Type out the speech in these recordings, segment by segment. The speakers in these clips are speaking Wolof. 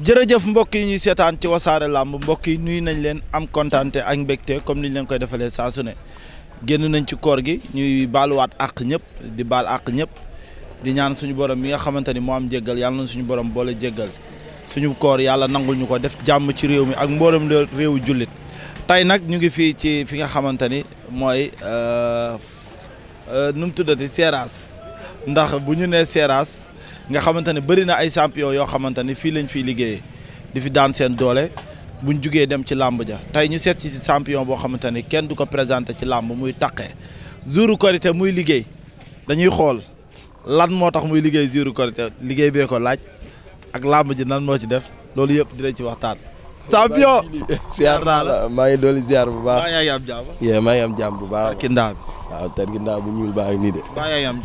jërëjëf mbokk yi ñuy seetaan ci wasaare làmb mbokk yi nuyu nañ leen am kontaan ak mbégte comme ni ñu leen koy defalee saa su ne génn nañ ci koor gi ñuy baaluwaat àq ñëpp di baal àq ñëpp di ñaan suñu borom bi nga xamante ni moo am jéggal yàlla na suñu borom boole jéggal suñu koor yàlla nangul ñu ko def jàmm ci réew mi ak mbooram réewu jullit tey nag ñu ngi fii ci fi nga xamante ni mooy euh, euh, nu mu tuddati Seras ndax bu ñu nee Seras. nga xamante ne bëri na ay sampion yoo xamante ne fii lañ fiy liggéeyee di fi daan seen doole buñ jugee dem ci làmb ja tey ñu seet ci boo xamante ne kenn du ko présenté ci làmb muy taqee jouru korité muy liggéey dañuy xool lan moo tax muy liggéey jouru liggéey bee ko laaj ak làmb ji nan moo ci def loolu yëpp dinañ ci waxtaan. champion ziar la maa ngi dooli ziar bu baax. maa ngi am jàmm. bu baax. tarkindaa bi waaw bu ñuul baa ngi nii de. maa ngi am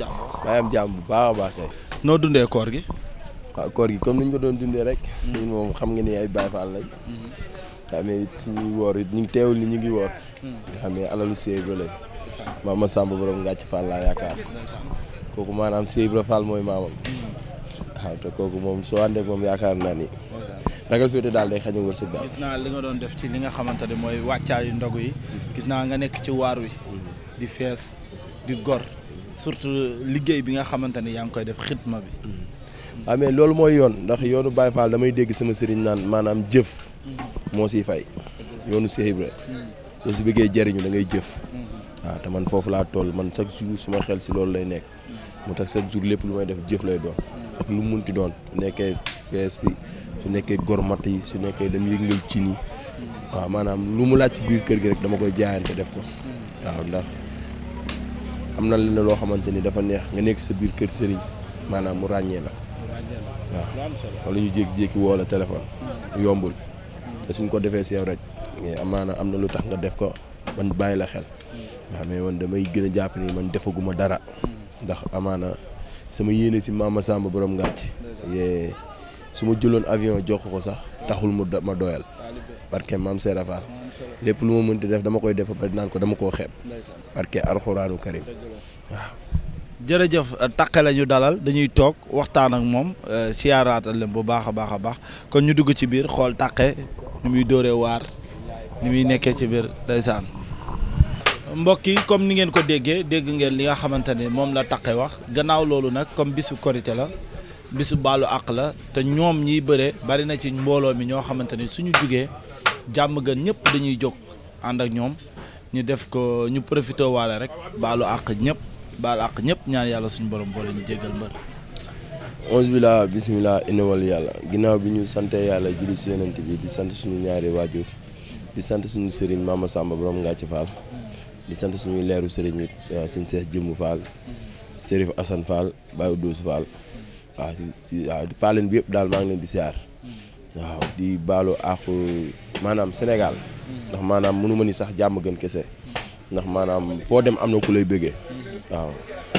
maa ngi am bu baax a noo dundee koor gi. waaw koor gi comme ni ñu ko doon dundee rek. ñun moom xam nga ni ay Baay Faal lañ. nga xam ne woor it teewul ni ñu ngi woor. nga xam ne alalu Sèye Ibra lañ. maama Samba borom Ngathie Fall laa yaakaar. kooku maanaam Sèye Ibra mooy maamam. waaw te kooku moom soo àndee moom yaakaar naa ni. ragal féete daal day xañ a wërsëg daal. gis naa li nga doon def ci li nga xamante ne mooy wàccaayu ndog yi. gis naa nga nekk ci waar wi. di fees di gor. surtout liggéey bi nga xamante ni yaa ngi koy def xitma bi. waaw mm. ah, mais loolu mooy yoon ndax yoonu Baye Fall damay dégg sama sëriñ naan maanaam jëf. moo siy fay. yoonu Cheikh Ibra mm. soo si bëggee jariñu da ngay jëf. waaw mm-hmm. ah, te man foofu laa tool man chaque jour suma xel si loolu lay nekk. mu mm. tax chaque jour lépp lu may def jëf lay doon. ak lu munti doon su nekkee fees bi su nekkee gormat yi su nekkee dem yëngal cin yi. waaw ah, maanaam lu mu laaj ci biir kër gi rek dama koy jaayante def ko. waaw ndax. am na leneen loo xamante ni dafa neex nga nekk sa biir kër sëriñ maanaam mu ràññee la waaw lu ñu jékki-jékki woo la téléphone yombul te suñ ko defee si rek amaana am na lu tax nga def ko man bàyyi la xel waaw mais man damay gën a jàpp ni man defaguma dara ndax amaana sama yéene si maama Samba borom ngàcc yee su ma jëloon avion jox ko sax taxul mu ma doyal barke maam Seera Faal lépp lu ma mënti def dama koy def ba naan ko dama ko xeeb barke alxuraanu karim waaw. jërëjëf taqe la dalal dañuy toog waxtaan ak moom euh, siyaaraatal leen bu baax a baax a baax kon ñu dugg ci biir xool taqe ni muy dóoree waar ni muy nekkee ci biir ndeysaan. mbokk yi comme ni ngeen ko déggee dégg ngeen li nga xamante ne moom la taqe wax gannaaw loolu nag comme bisu korité la bisu baalu àq la te ñoom ñiy bëre bari na ci mbooloo mi ñoo xamante ne suñu jugee. jàmm gën ñëpp dañuy jóg ànd ak ñoom ñu def ko ñu profité wale rek baalu àq ñëpp baalu àq ñëpp ñaar yàlla suñu borom boole ñu jéggal mbër. onze bila bisimilah inawal yàlla ginnaaw bi ñu sante yàlla julli si yonent bi di sant suñu ñaari waajur di sant suñu sëriñ Mama Samba borom Ngathie Fall di sant suñuy leeru sëriñ bi euh, sëñ Seex Jëmm Fall Serif Assane Fall Baye Oudous Fall waaw paaleen bi yëpp daal maa ngi leen di siyaar waaw di baalu àqu maanaam Sénégal ndax maanaam mënu ma ni sax jàmm gën kese ndax maanaam foo dem am na ku lay bëggee waaw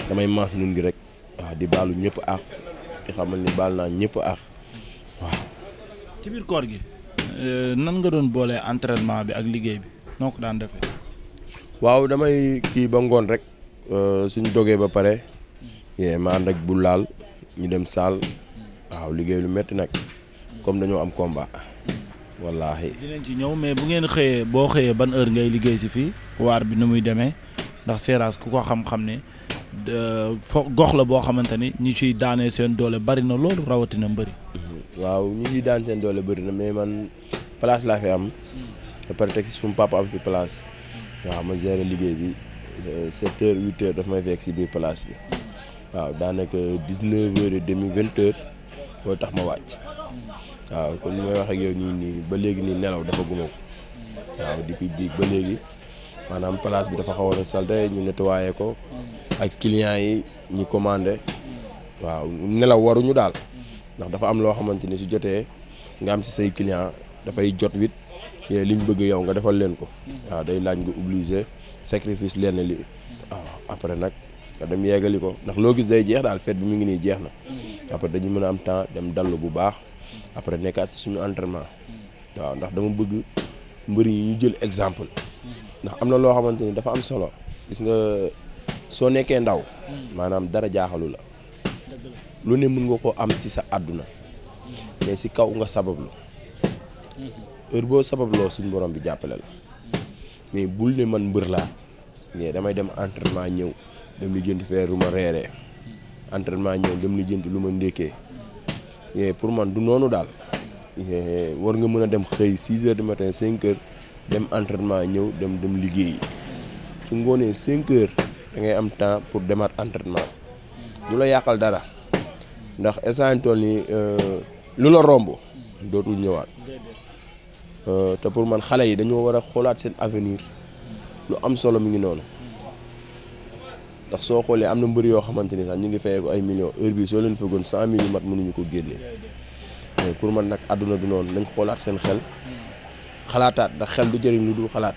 damay maas nun gi rek waaw di baalu ñëpp ak di xamal ni baal naa ñëpp ak waaw. ci biir koor gi. Euh, nan nga doon boolee entraînement bi ak liggéey bi noo ko daan defee. waaw damay kii ba ngoon rek euh, suñ dogee ba pare yee ma ànd bu laal ñu dem saal waaw liggéey lu metti nag comme dañoo am komba wallaahi dinañ ci ñëw mais bu ngeen xëyee boo xëyee ban heure ngay liggéey si fii waar bi nu muy demee ndax Seras ku ko xam-xam ne euh, fo gox la boo xamante ni ñi ciy daanee seen doole bari na loolu rawatina mbëri. Mm-hmm. waaw ñi ciy daan seen doole bëri na mais man place laa fi am. ba pare teg si suñu am fi place. waaw ma gérer liggéey bi 7 euh, heures 8 heures daf may fekk si biir place bi. waaw daanaka 19 heures et demi 20 heures moo tax ma wàcc. waaw kon ni may wax ak yow nii nii ba léegi nii nelaw dafa guma ko waaw depuis biig ba léegi maanaam place bi dafa xawoon a salte ñu nettoyé ko ak clients yi ñu commandé waaw nelaw waruñu daal ndax dafa am loo xamante ni su jotee nga am si say client dafay jot wit li ñu bëgg yow nga defal leen ko waaw day laaj nga obligé sacrifice lenn li waaw après nag nga dem yeggali ko ndax loo gis day jeex daal fête bi mu ngi nii jeex na après dañu mën a am temps dem dallu bu baax après nekkaat si suñu entraînement. waaw ndax dama bëgg mbër yi ñu jël exemple. ndax am na loo xamante ni dafa am solo. gis nga soo nekkee ndaw. maanaam dara jaaxalu la. lu ne mën nga koo am si sa àdduna. mais si kaw nga sabablu. heure boo sababloo suñu borom bi jàppale la. mais bul ne man mbër laa. mais damay dem entraînement ñëw dem li jënd fee lu ma reere entraînement ñëw dem li lu ma ndékkee. Eh, pour man du noonu daal eh, war nga mën a dem xëy 6 heures de matin 5 heures dem entraînement ñëw dem dem liggéeyi su ngoonee 5 heures da ngay am temps pour demaat entraînement du la yàqal dara ndax instant toll nii eh, lu la romb dootul ñëwaat te pour man xale yi dañoo war a xoolaat seen avenir lu am solo mi ngi noonu. ndax soo xoolee am na mbëri yoo xamante ni sax ñu ngi fayee ko ay millions heure bi soo leen fëggoon cent mille mat ñu ko génnee pour man nag àdduna du noonu nañ xoolaat seen xel xalaataat ndax xel du jëriñ lu dul xalaat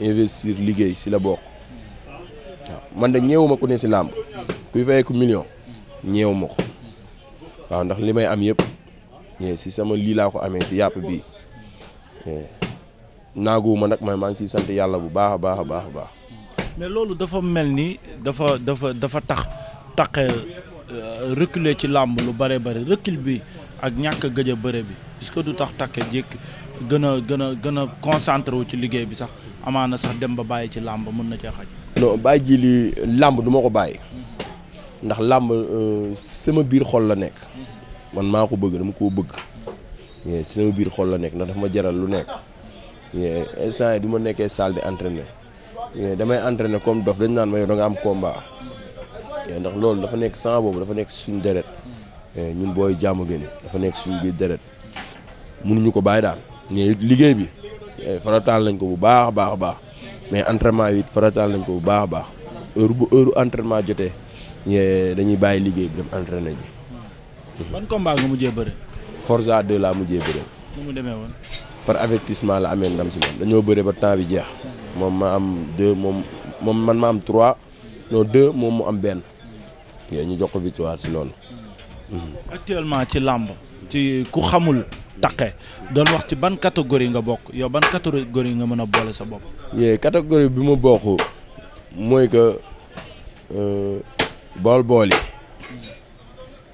investir liggéey si la bokk waaw man de ñeewuma ku ne si làmb kuy fayee ko million ñeew ma ko waaw ndax li may am yëpp si sama lii laa ko amee si yàpp bii naaguwuma nag ma maa ngi ciy sant yàlla bu baax a baax baax a baax mais loolu dafa mel ni dafa dafa dafa tax taqe euh, reculer ci làmb lu bare bare recul bi ak ñàkk a gëj a bëre bi puisque du tax takke jékki gën a gën a gën a concentré wu ci liggéey bi sax amaana sax dem ba bàyyi ci làmb mën na cee xaj. non bàyyi ji li làmb du ma ko bàyyi ndax làmb euh, sama biir xol la nekk man maa ko bëgg dama koo bëgg sama biir xol la nekk ndax dafa ma jaral lu nekk instant yi du ma nekkee salle di entraîner. damay entraîner comme dof dañ naan ma yow am combat ndax loolu dafa nekk sang boobu dafa nekk suñu deret ñun booy jaamu gëni dafa nekk suñu biir deret mënuñu ko bàyyi daal mais liggéey bi eh, farataal nañ ko bu baax baax baax mais entraînement yi farataal nañ ko bu baax baax heure bu heure entraînement jotee dañuy bàyyi liggéey bi dem entraîner ji. ban combat nga mujjee bëre. Forza 2 laa mujjee bëre. nu demee woon. par avertissement la amee ndam si moom dañoo bëre ba temps bi jeex. moom ma am deux moom moom man ma am trois non deux moom mu am benn yooyu ñu jox ko victoire si loolu. Hmm. actuellement ci làmb ci ku xamul taqe doon wax ci ban catégorie nga bokk yow ban catégorie nga mën a boole sa bopp. yee catégorie bi ma bokk mooy que euh, bool-bool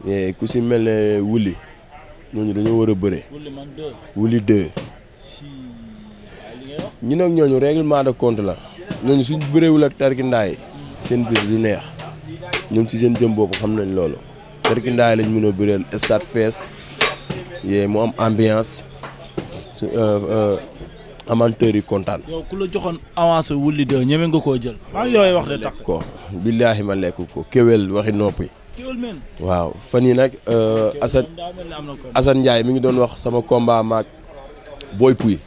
yi ku si mel ne wuli ñooñu dañoo war a bëre. wuli deux. ñu nag ñooñu règlement de compte la ñooñu suñ bëréewul ak tarkindaa seen biir du neex ñoom si seen jëm boobu xam nañ loolu tarkindaa yi lañ mën a bëreel stade fees yee mu am ambiance su euh, euh, amateurs yi kontaan. yow ku la joxoon avance wulli de ñeme nga koo jël. wax de tax ko billaahi ma lekk ko kéwél waxi noppi. waaw fan yi nag euh, Assane Assane Ndiaye mi ngi doon wax sama combat maag Boy Pouy.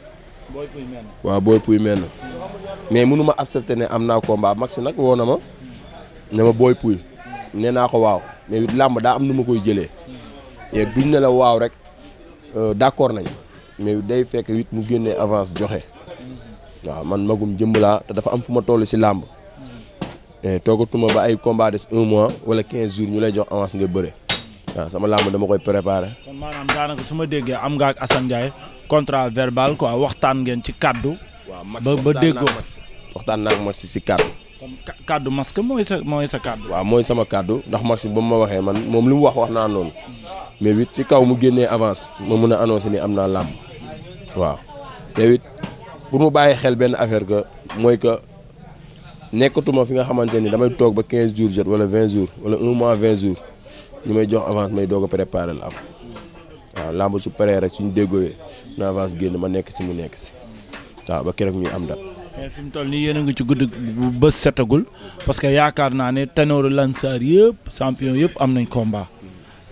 waaw booy puy mel na mais mënu ma accepté ne am naa combat Max nag woo na ma ne ma booy puy nee naa ko waaw mais làmb daa am nu ma koy jëlee et duñ ne la waaw rek euh, d'accord nañ mais day fekk it mu génnee avance joxe waaw man magum jëmb laa te dafa am fu ma toll si làmb toogatuma ba ay combat des un mois wala quinze jours ñu lay jox avance nga bëre waaw sama làmb dama koy préparé. kon daanaka su ma déggee am nga ak Assane Ndiaye contrat verbal waxtaan ngeen ci kaddu. waaw max ba ba déggoo waxtaan naa ak max si kaddu. kaddu masque mooy sa mooy sa kaddu. waaw mooy sama kaddu ndax max ba mu ma waxee man moom li mu wax wax naa noonu mais it ci kaw mu génnee avance ma mun a annoncé ni am naa làmb waaw te it pour mu bàyyi xel benn affaire que mooy que. nekkatuma fi nga xamante ni damay toog ba 15 jours jot wala 20 jours wala 1 mois 20 jours ñu may jox avance may doog a préparer la am waaw làmb su paree rek suñu déggooyee na avance génn ma nekk si mu nekk si waaw ba keroog ñuy am dal mais fi mu toll nii yéen a ngi ci gudd bu bës setagul parce que yaakaar naa ne ténoru Lansar yëpp sampion yëpp am nañ combat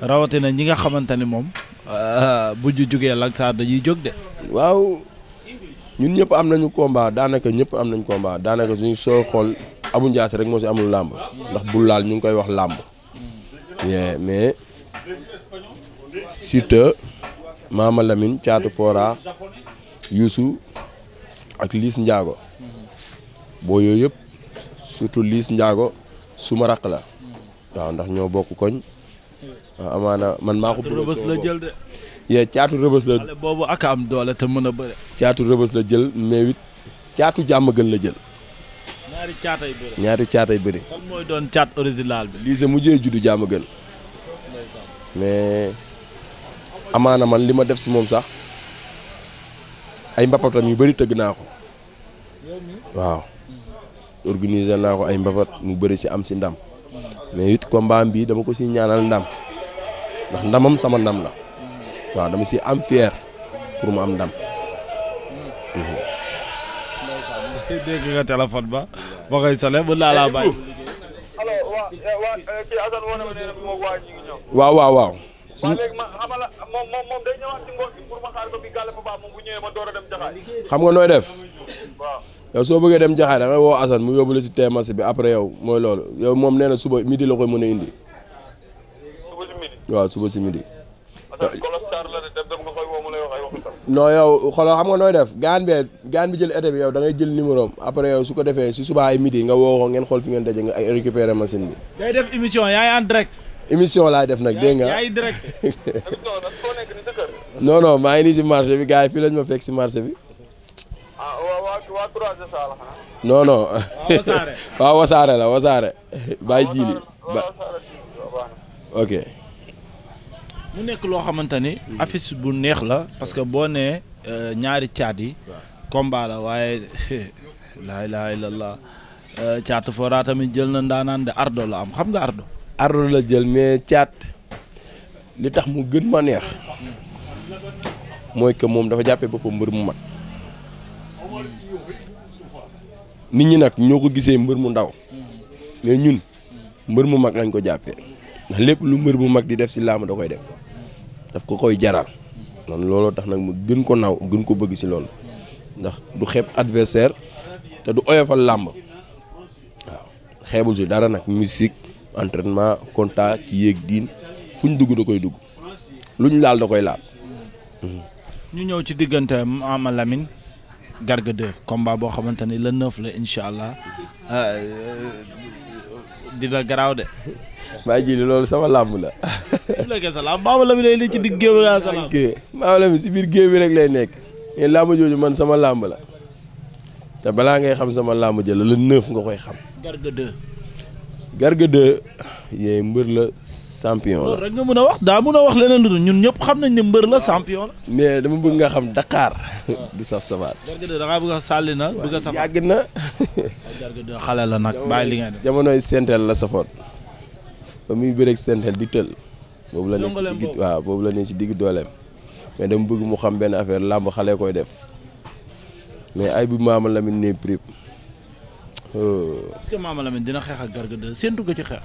rawatina ñi nga xamante ne moom euh, bu ñu jógee Lansar dañuy jóg de. waaw ñun ñëpp am nañu combat daanaka ñëpp am nañ combat daanaka suñu soo xool abu Ndiass rek moo si amul làmb ndax bu laal ñu ngi koy wax làmb yeah, mais Siteu Mama Lamine Thiatou Fora Youssou ak liis njaago boo yooyu yëpp surtout liis njaago su ma raq la waaw ndax ñoo bokk koñ ah, amaana man maa ko rëbës la jël de yee caatu rëbës la boobu ak am doole te mën a bëre caatu rëbës la jël mais it caatu jàmm gën la jël ñaari caatay bëri ñaari caatay caat original bi. lii sa mujjee juddu jaam a mais amaana man li ma def si moom sax ay mbapatam yu bëri tëgg naa ko. waaw. organiser naa ko ay mbapat mu bëri si am si ndam. mais it mbaam bii dama ko si ñaanal ndam ndax ndamam sama ndam la. waaw dama si am fier pour mu am ndam. dégg nga téléphone ba ba koy sole mën naa laa bàyyi. waaw waaw waaw. waaw léegi nga nooy def. waaw yow soo bëggee dem jaxaay da ngay woo Assane mu yóbbu la ci teemas bi après yow mooy loolu yow moom nee suba midi la koy mën a indi. waaw suba si midi. non yow xoolal xam nga nooy def gaan bee bi jël été bi yow da jël numéro am après yow su ko defee si suba ay midi nga woo ngeen xool fi ngeen daje nga ay récupérer machine bi. émission yaay en direct. laay def nag dégg nga maa ngi nii si marché bi gars yi fii lañ ma fekk si marché bi. ah waa waaw wasaare la wasaare. bàyyi jiili ba ok. mu nekk loo xamante ni. Hmm. affiche bu neex la parce que boo nee euh, ñaari caat yi. combat waaye laa ilaaha la euh, caatu Fora tamit jël na ndaanaan de ardo la am xam nga ardo. ardo la jël mais caat li tax mu gën ma neex mooy que moom dafa jàppee boppam mbër mu mag nit ñi nag ñoo ko gisee mbër mu ndaw mais ñun mbër mu mag lañ ko jàppe ndax lépp lu mbër mu mag di def ci laamu da koy def. daf ko koy jaral man looloo tax nag mu gën ko naw gën ko bëgg si loolu ndax du xeeb adversaire te du oyofal làmb waaw xeebul si dara nag musique entraînement contact yéeg diin fu ñu dugg da koy dugg luñ laal da koy laal. ñu ñëw ci diggante Ama Lamine Garga 2 combat boo xamante ni le 9 la incha allah. Euh, dina garaaw de. maa ji loolu sama làmb la. sa làmb Mama Lamine li ci digg géew sa làmb. Mama Lamine si biir géew bi rek lay nekk mais làmb jooju man sama làmb la te balaa ngay xam sama làmb jël la neuf nga koy xam. Garga 2. Garga 2 yee mbër la champion la nga mën a wax daa mën a ñun ñëpp xam nañ ne mbër la champion la. mais dama bëgg nga xam Dakar. Ah. du saf safaat. Garga na a saf yàgg na. Garga la nag bàyyi li nga la safoon ba muy bëreeg sentel di waaw boobu la ne si digg dooleem. mais dama mu xam benn affaire làmb xale koy def mais ay bu maama Lamine ne prip. est-ce dina xeex ak séntu ko ci xeex.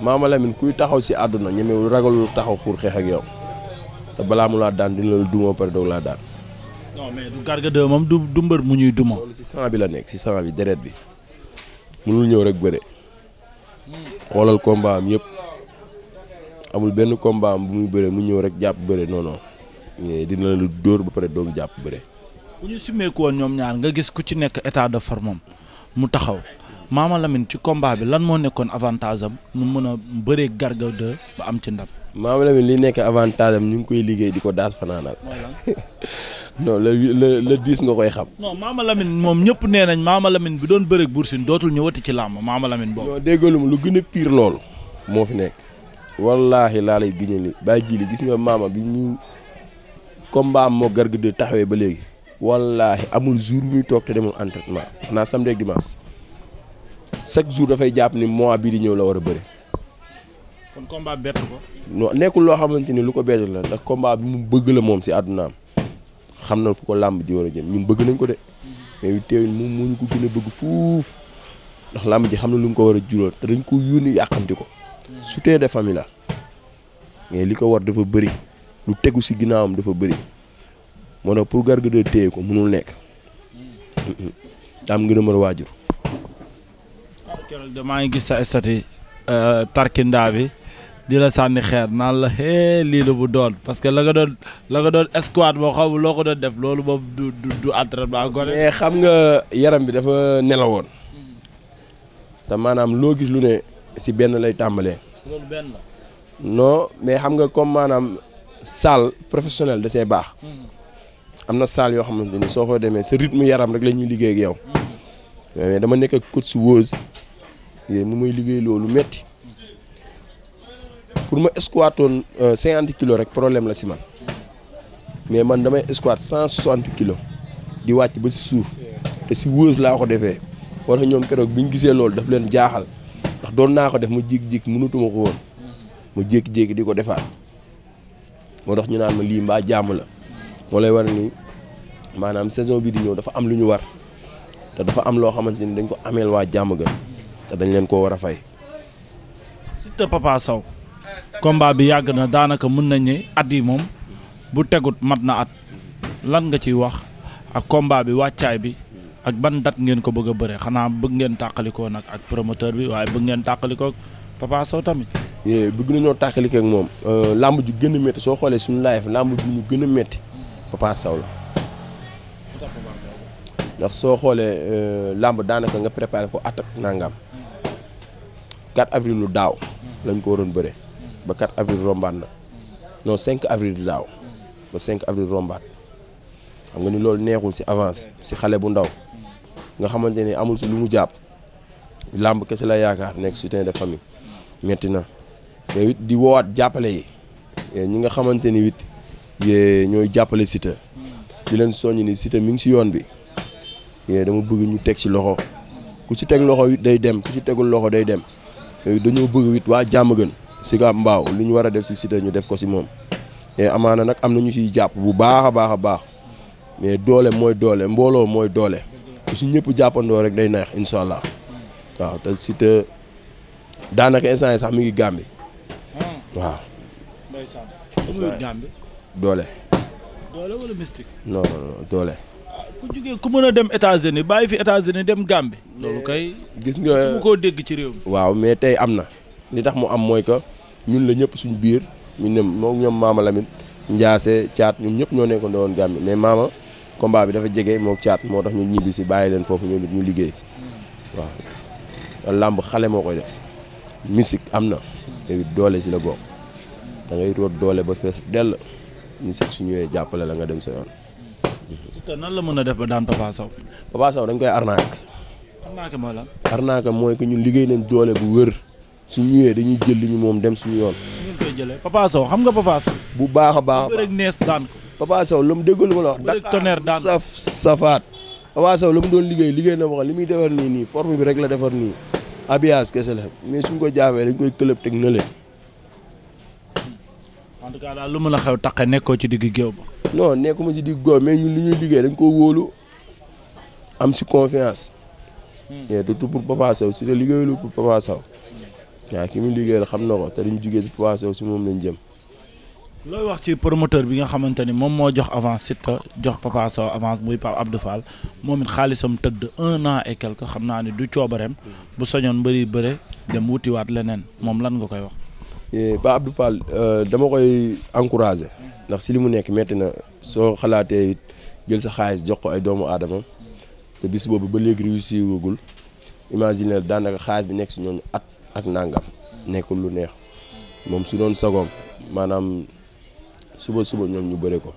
Maama Lamine kuy taxaw si àdduna ñemewul ragalul taxaw xuur xeex ak yow te balaa mu laa daan dina la duma pare doog laa daan. non du moom du du mbër mu ñuy duma. si sang bi la nekk si sang bi deret ñëw rek bëre xoolal combat am yëpp amul benn combat am bu muy bëre mu ñëw rek jàpp bëre non non eh, dina la dóor ba pare doog jàpp bëre. bu ñu sumee woon ñoom ñaar nga gis ku ci nekk état de forme mu taxaw Maama Lamine ci combat bi lan moo nekkoon avantage am ñu mën a bëree Garga 2 ba am ci ndam. Maama Lamine li nekk avantage am ñu ngi koy liggéey di ko daas fanaanal non le le nga koy xam. non moom ñëpp nee nañ Maama Lamine bi doon bëreeg Bour Sine dootul ñëwati ci làmb Maama Lamine boobu. non déggalum lu gën a pire loolu. moo fi nekk. wallaahi laa lay gëñal ni bàyyi ji li gis nga maama bi ñu combat am moo Garga 2 taxawee ba léegi. wallaahi amul jour muy toog te demul entraînement. xanaa chaque jour dafay jàpp ni mois bii di ñëw la war a bëri. kon combat bett ko. non nekkul loo xamante ni lu ko bett la ndax combat bi mu bëgg la moom si àddunaam xam na fu ko làmb ji war a jëm bëgg nañ ko de. mais teewul ko a bëgg fuuf ndax ji xam na lu ko war a jural te dañ ko yónni yàqamti ko. soutien de famille la mais li ko war dafa bëri lu tegu si ginnaawam dafa bëri moo tax pour Garga de téye ko mënul nekk. daam ngërëmal waajur keroog de maa ngi gis sa statut euh, tarkindaa bi di la sànni xeer naan la hee lii la bu doon parce que la nga doon la nga doon escouade boo xam loo ko doon def loolu moom du du du gone mais xam nga yaram bi dafa nelawoon mm-hmm. te maanaam loo gis lu ne si benn lay tàmbalee. loolu benn mais xam nga comme maanaam salle professionnelle da see baax. Mm-hmm. am na salle yoo xam ne soo ko demee sa rythme yaram rek la ñuy liggéey ak yow. Mm-hmm. dama nekk ak coach Woz yooyu mu may liggéey loolu metti pour ma squatoon euh, cinquante kilos rek problème la si man mais man damay squat cent soixante kilos di wàcc ba si suuf te si wëes laa ko defee war na ñoom keroog bi ñu gisee loolu daf leen jaaxal ndax doon naa ko def mu jékki-jékki mënatuma ko woon mu jékki-jékki di ko defaat moo tax ñu naan ma lii mbaa jàmm la moo lay war ni maanaam saison bii di ñëw dafa am lu ñu war te dafa am loo xamante ni dañ ko ameel waa jàmm te dañ leen koo war a fay. Siteu Papa Sow. combat bi yàgg na daanaka mën nañ ne at yi moom bu tegut mat na at lan nga ciy wax ak combat bi wàccaay bi ak ban date ngeen ko bëgg a bëre xanaa bëgg ngeen tàqalikoo nag ak promoteur bi waaye bëgg ngeen tàqalikoo Papa Sow tamit. Eh, bëgg nañoo tàqalikoo ak moom. Euh, làmb ju gën a soo xoolee suñu live làmb ju ñu gën a métti Papa la. ndax soo xoolee euh, làmb daanaka nga préparé ko at ak nangam. 4 avril lu daaw lañ ko waroon bëre ba 4 avril rombaat na non 5 avril lu daaw ba avril rombaat xam nga ni loolu neexul ci avance ci xale bu ndaw nga xamante ni amul si lu mu jàpp làmb kese la yaakaar nekk soutien de famille metti na mais it di woowaat jàppale yi ñi nga xamante ni it ñooy jàppale Siteu di leen soññ ni Siteu mi ngi ci yoon bi dama bëgg ñu teg ci loxo ku ci teg loxo it day dem ku ci tegul loxo day dem dañoo bëgg it waa jàmm gën Sicap Mbao li ñu war a def si Siteu ñu def ko si moom mais amaana nag am na ñu siy jàpp bu baax a baax a baax mais doole mooy doole mbooloo mooy doole su ñëpp jàppandoo rek day neex incha allah waaw te Siteu daanaka instant yi sax mi ngi gàmbi hmm. waaw. doole. doole wala mystique. non non doole. ku jugee ku mën a dem États-Unis bàyyi fi États-Unis dem Gambie. loolu kay. gis nga su ma koo dégg ci réew mi. waaw mais tey am na li tax mu am mooy que ñun la ñëpp suñu biir ñu ne moom ñoom Maama Lamine Ndiassé Thiat ñu ñëpp ñoo nekkoon doon Gambie mais Maama combat bi dafa jege moo Thiat moo tax ñu ñibbi si bàyyi leen foofu ñoom it ñu liggéey waaw. làmb xale moo koy def musique am na tamit doole si la bokk da ngay root doole ba fees dell musique su ñëwee jàppale la nga dem sa yoon. Siteu nan la mën a def ba daan Papa Sow. Papa Sow dañ koy arnaque. arnaque mooy lan. arnaque mooy que ñun liggéey nañ doole bu wër su ñëwee dañuy jël li ñu moom dem suñu yoon. ñu ngi xam nga Papa bu baax a baax bu bëreeg nees daan mu déggoo lu ma la wax. bëreeg tonnerre daan saf safaat. Papa Sow mu doon liggéey liggéey na ma li muy defar nii nii forme bi rek la defar nii. habillage kese la mais suñ ko jaafee dañ koy club teg na lu mën a xew taqe nekkoo ci diggu géew ba non nekkuma si digg góor mais ñun li ñuy liggéey dañ ko wóolu am si confiance. mais hmm. du tout pour Papa Sow si te liggéeyul pour Papa Sow. waaw ki mu liggéeyal xam na ko te dañ jugee si Papa Sow si moom lañ jëm. looy wax ci promoteur bi nga xamante ni moom moo jox avance Siteu jox Papa Sow avance muy Pape Abdou Fall moom it xaalisam tëdd un an et xam naa ne du coobareem hmm. bu soñoon mbëri bëre dem wutiwaat leneen moom lan nga koy wax. Ba Abdou Fall euh, dama koy encouragé ndax si li mu nekk metti na soo xalaatee jël sa xaalis jox ko ay doomu aadama te bis boobu ba léegi réussiragul imaginer daanaka xaalis bi nekk si ñooñu at ak nàngam nekkul lu neex moom su doon sagoom maanaam suba suba ñoom ñu bëre ko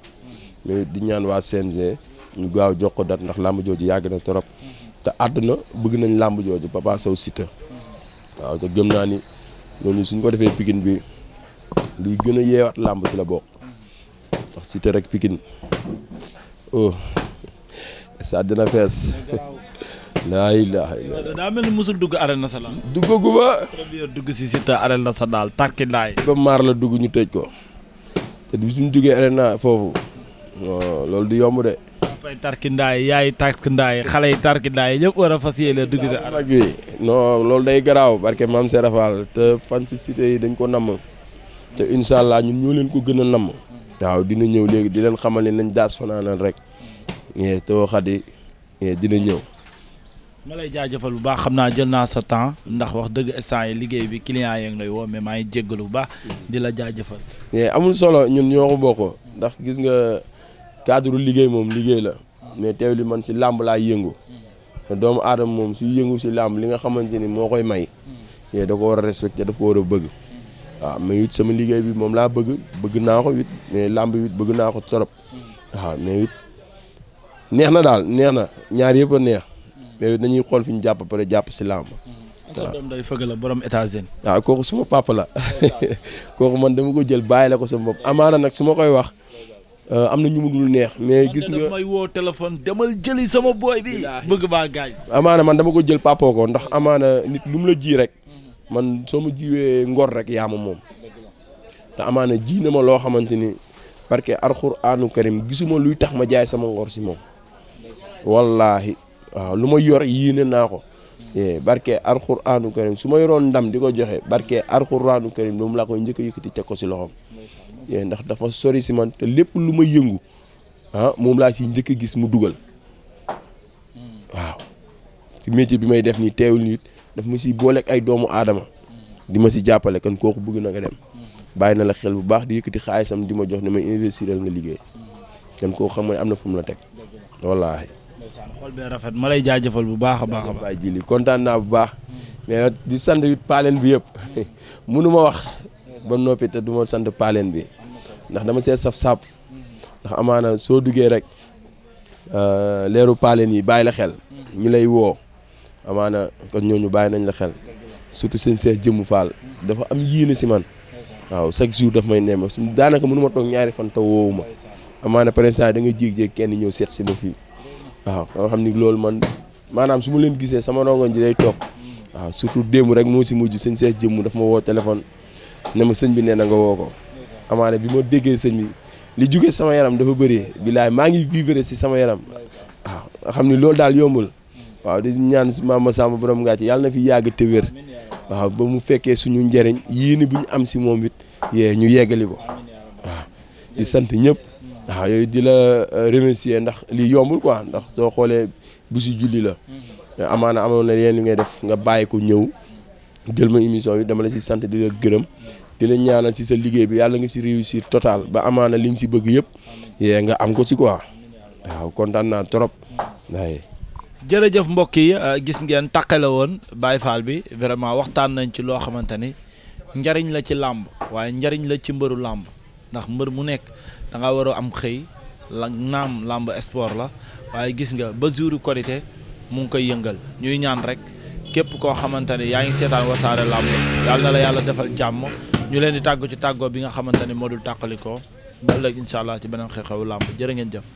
mais di ñaan waa CNG ñu gaaw jox ko dat ndax làmb jooju yàgg na trop te àdduna bëgg nañ làmb jooju Papa Sow waaw te gëm naa ni. loolu suñ ko defee Pikine bi luy gën a yeewaat làmb ci la bokk ndax Cité rek Pikine oh ça dina fees. laa ilaaha daa mel ni musul dugg arène na duggagu ba. dugg si Cité arène nationale tarki laay. ba maar la dugg ñu tëj ko te bi suñu duggee arène na foofu loolu di yomb de. pay tarkindaay yaay tarkindaay xale yi tarkindaay ñëpp war a fas la dugg sa arab bi non loolu day garaw barke maam Serafal te fan si cité yi dañ ko nam te incha allah ñun ñoo leen ko gën a nam waaw dina ñëw léegi di leen xamal ne nañ daas fanaanal rek te too dina ñëw ma lay jaajëfal bu baax xam naa jël naa sa temps ndax wax dëgg instant liggéey bi client yeeg lay woo mais maa ngi jéggalu bu baax di la jaajëfal amul solo ñun ñoo ko bokk ndax gis nga cadre liggéey moom liggéey la mais teew li man si làmb laa yëngu te doomu aadama moom su yëngu si làmb li nga xamante ni moo koy may yee da ko war a respecté ko bëgg waaw sama liggéey bi moom laa bëgg bëgg naa ko it mais làmb it bëgg naa ko trop waaw na daal neex na ñaar yëpp neex dañuy xool fi ñu jàpp pare jàpp si làmb waaw day fëgg la borom États-Unis waaw kooku suma papa la kooku man dama ko jël bàyyi la ko sama bopp amaana nag su ma koy wax Euh, am na ñu mu neex mais gis nga may woo téléphone demal jëli sama booy bi bëgg baa gaañ amaana man dama ko jël papoo ko ndax amaana nit lu mu la ji rek man soo ma jiwee ngor rek yaa ma moom te amaana jii na ma loo xamante ni parce que alxuraanu karim gisuma luy tax ma jaay sama ngor si moom wallaahi waaw lu ma yor yéene naa ko barke alxuraanu karim su ma yoroon ndam di ko joxe barke alxuraanu karim lu mu la koy njëkk a yëkkati teg ko si loxoom Eh, ndax dafa sori si man te lépp lu ma yëngu ah moom laa si njëkk a gis mu dugal waaw si métier bi may def nii teewul nit daf ma si booleeg ay doomu aadama di ma si jàppale kan kooku bëgg na nga dem bàyyi na la xel bu baax di yëkkati xaalisam di ma jox ne ma investiral nga liggéey kan kooku xam nga ne am na fu mu la teg wallaahi. a bee rafet ma lay jaajëfal bu baax a baax a baax ji li kontaan naa bu baax mais di sant paaleen bi yëpp mënu ma wax ba noppi te du ma sant paaleen bi ndax dama see saf sàpp ndax amaana soo duggee rek euh, leeru paaleen yi bàyyi la xel ñu lay woo amaana kon ñooñu bàyyi nañ la xel surtout seen seex jëmmu faal dafa am yéene si man waaw chaque jour daf may nemm daanaka mënu ma toog ñaari fan taw woowu ma amaana par exemple da nga jéeg kenn ñëw seet si ma fii waaw nga xam ni loolu man maanaam su ma leen gisee sama rongoñ ji day toog waaw surtout démb rek moo si mujj seen seex jëmmu daf ma woo téléphone ne ma sëñ bi nee na nga woo ko amaana bi ma déggee sëñ bi li jugee sama yaram dafa bëri bilaay maa ngi vivre si sama yaram waaw xam ni loolu daal yombul waaw di ñaan maama Samba borom ngaa ci yàlla na fi yàgg te wér waaw ba mu fekkee suñu njëriñ yéene bu ñu am si moom it yee ñu yeggali ko di sant ñëpp waaw yooyu di la euh, remercier ndax lii yombul quoi ndax soo xoolee bu si julli la amaana amoon na yenn li ngay def nga bàyyi ko ñëw jël ma émission bi dama la si sant di la gërëm di la ñaanal si sa liggéey bi yàlla nga si réussir total ba amaana li nga si bëgg yëpp yee nga am ko si quoi waaw kontaan naa trop waaye. jërëjëf mbokk yi euh, gis ngeen taqale woon Baye Fall bi vraiment waxtaan nañ ci loo xamante ni njariñ la ci làmb waaye njariñ la ci mbaru làmb ndax mbër mu nekk danga nga war a am xëy la naam làmb sport la waaye gis nga ba jouru korité mu ngi koy yëngal ñuy ñaan rek képp koo xamante ni yaa ngi seetaan wasaare làmb yàlla na ñu leen di tàggu ci tàggoo bi nga xamante ne moo dul tàqalikoo ba ëllëg incha allah ci beneen xew-xewu làmb jërë ngeen jëf